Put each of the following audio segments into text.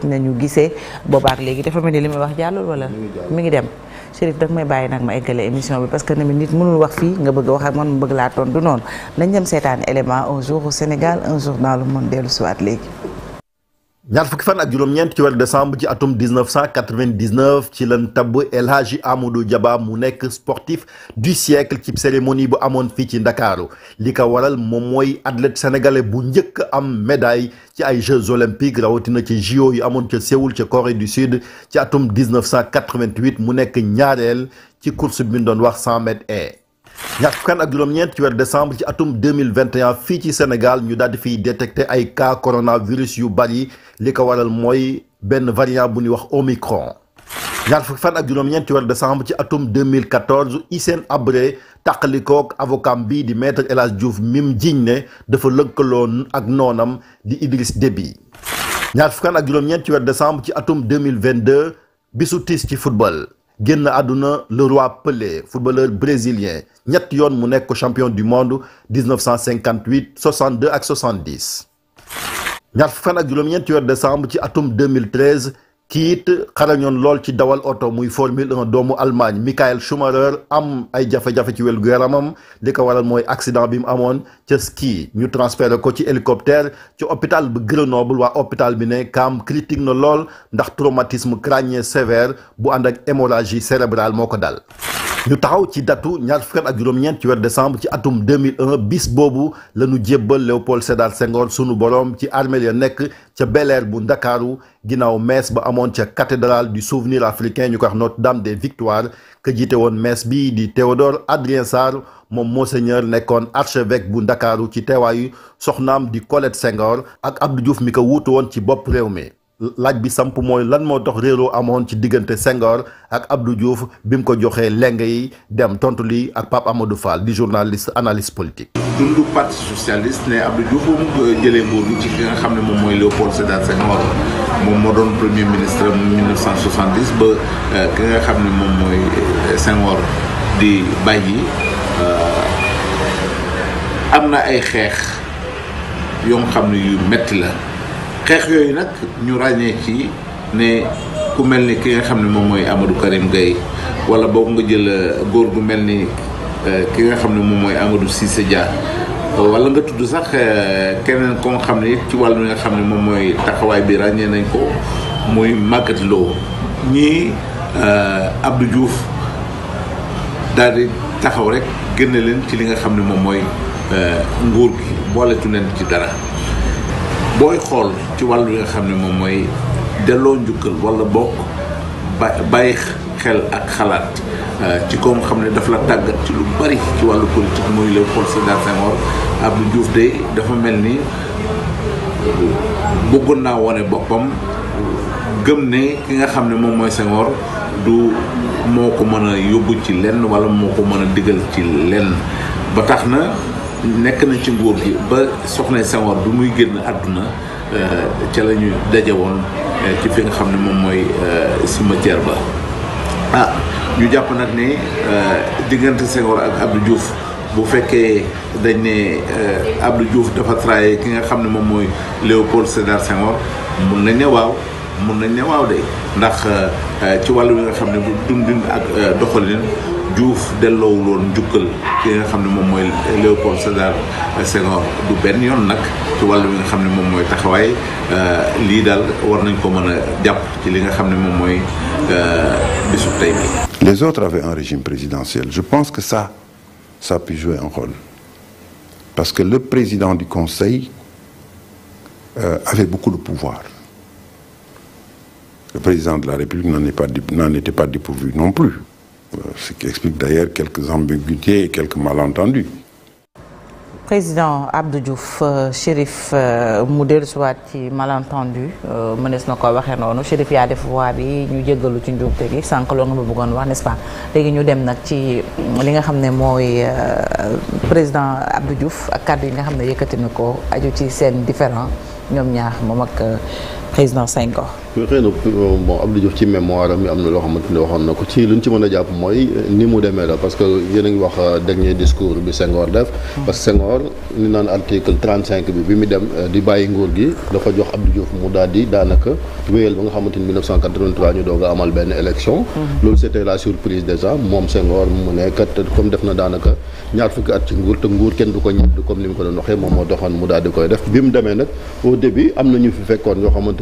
gëj nañu gisee boobaak léegi dafa mel ni li may wax jàllul wala mi ngi dem Chérif danga may bàyyi nag ma eggale émission bi parce que tamit nit mënul wax fii nga bëgg wax ak man ma bëgg laa toon du noonu nañ dem seetaan élément un jour au Sénégal un jour dans le monde dellu siwaat léegi ñaar fukki fan ak juróom-ñeent ci weeru décembre ci atum 1999 ci lan tabb El Hadji Amadou Diaba mu nekk sportif du siècle ci cérémonie bu amoon fii ci ndakaaru li ko waral moom mooy athlète sénégalais bu njëkk am médaille ci ay jeux olympiques rawatina ci JO yu amoon ca Séoul ca Corée du Sud ci atum 1988 mu nekk ñaareel ci course bi ñu doon wax 100 mètres ñaar fukk ak décembre 2021 Fiti ci Sénégal ñu daal fi détecter ay cas coronavirus yu bari liko waral moy ben variant bu wax Omicron. ñaar fukki fan ak décembre ci atum 2014 Hissène Abre avocat bi di maître Elas Diouf mim jigné dafa lëkkaloon ak nonam di Idriss Déby ñaar fukki fan ak décembre 2022 bisu tiis ci football génn Adouna, le roi Pelé footballeur brésilien ñett yoon mu nekk champion du monde 1958 62 ak 70. ñaar fan ak juróom décembre ci 2013 ki it lol lool ci dawal auto muy formule 1 doomu Allemagne Michael Schumacher am ay jafé jafé ci wel gu yaramam li waral moy accident bi mu amoon ca ski ñu transféré ko ci hélicoptère ci hôpital bu Grenoble wa hôpital bi ne kam critique na lol. ndax traumatisme crânien sévère bu ànd ak hémorragie cérébrale moko dal. ñu taxaw ci datu ñaar fukk ak juróom-ñeent ci weer décembre ci atum 2001 bis boobu la ñu jébbal Léopold Sédar Senghor sunu borom ci armée nekk ca bel bu Ndakaaru ginnaaw messe ba amoon ca cathédrale du souvenir africain ñu ko wax Notre-Dame des Victoires ka jiite woon mees bi di Théodore Adrien Sarr moom monseigneur nekkoon archevêque bu Ndakaaru ci teewaayu soxnaam di Colette sengoor ak Abdou Diouf mi ko wuutu woon ci bopp réew mi laaj bi samp mooy lan moo dox réeroo amoon ci diggante sengoor ak Abdou Diouf bi mu ko joxee leng yi dem tontu lii ak Pape Amadou Fall di journaliste analyste politique dundu parti socialiste ne Abdou Diouf ba mu euh, jëlee nguur gi ci ki nga xam ne moom mooy Léopold Sédar Senghor moom moo doon premier ministre am 1970 ba euh, ki nga xam ne moom mooy euh, Senghor di bàyyi am na ay xeex yoo xam ne yu metti la xeex yooyu nag ñu ràññee ci ne ku mel ni ki nga xam ne moom mooy Amadou Karim Gueye wala boog nga jël góor gu mel ni. Euh, ki nga xam ne moom mooy Amadou Cissé Dia wala nga tudd sax euh, keneen ko xam ne ci wàll wàllu nga xam ne moom mooy taxawaay bi ràññee nañ ko muy Magatte Lô ñii euh, Abdou Diouf daal di taxaw rek génne leen ci li nga xam ne moom mooy nguur gi booletu nen ci dara booy xool ci wàll wàllu nga xam ne moom mooy delloo njukkal walla bokk bàyyi xel ak xalaat Euh, ci koom xam ne daf la tàggat ci lu bari ci wàllu politique muy Léopold Sédar Senghor Abdou Diouf de dafa mel ni bëggoon naa wone boppam gëm ne ki nga xam ne moom mooy Senghor du moo ko mën a yóbbu ci lenn wala moo ko mën a digal ci lenn ba tax na nekk na ci nguur gi ba soxna Senghor bi muy génn àdduna euh, ca la ñu daje woon euh, ci fi nga xam ne moom mooy cimetière ba ñu jàpp nag ne euh, diggante Senghor ak Abdou Diouf bu fekkee dañ ne euh, Abdou Diouf dafa trahé ki nga xam ne moom mooy Léopold Sédar Senghor mun nañ ne waaw mun nañ ne waaw de ndax euh, ci wàllu wi nga xam ne bu dundin ak doxalin Diouf delloowul woon njukkal ki nga xam ne moom mooy Léopold Sédar Senghor du benn yoon nag ci wàllu wi nga xam ne moom mooy taxawaay lii daal war nañ ko mën a jàpp ci li nga xam ne moom mooy bisub tey bi Les autres avaient un régime présidentiel. Je pense que ça, ça a pu jouer un rôle. Parce que le président du Conseil euh, avait beaucoup de pouvoir. Le président de la République n'en était pas dépourvu non plus. Euh, ce qui explique d'ailleurs quelques ambiguïtés et quelques malentendus président Abdou Diouf euh, Chérif euh, mu dellusiwaat ci malentendu euh, menes nako ko nonou noonu Chérif yaa def voix bi ñu jéggalu ci njuumte gi sank lo nga ma bëggoon wax n'est-ce pas légui ñu dem nak ci mm, li nga xamné moy président Abdou Diouf ak kàddu yi nga xamné yëkëti nako aju ci sen différent ñom ñaar moom ak président Senghor. xëy na ci mémoire mooy ni mu demee la parce que yéen ngi wax euh, dernier discours bi Senghor def. Mm. parce que Senghor ni naan article bi mu euh, gi dafa jox Abdou a amal benn élection. Mm. demee nag au début am na ñu fi fekkoon yoo xamante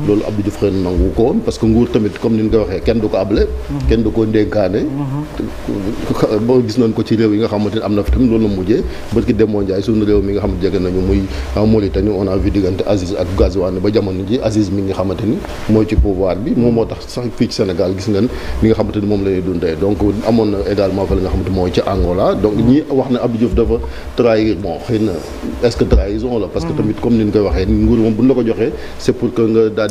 loolu Abdou Diouf xëy na nangu ko woon parce que nguur tamit comme ni ñu waxee kenn du ko able kenn du ko ndénkaane ba gis nañ ko ci réew yi nga xamante a moom moo tax donc amoon na également fa li nga xamante mooy ci Angola donc ñi wax ne Abdou Diouf dafa trahir bon est-ce que trahison la parce que mm. tamit comme ni ñu waxee nguur moom buñ la ko joxee c'est pour que nga daal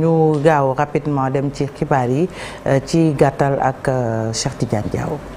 ñu gaaw rapidement dem ci xibaar yi eh, ci gàttal ak eh, Cheikh Tidiane Diaw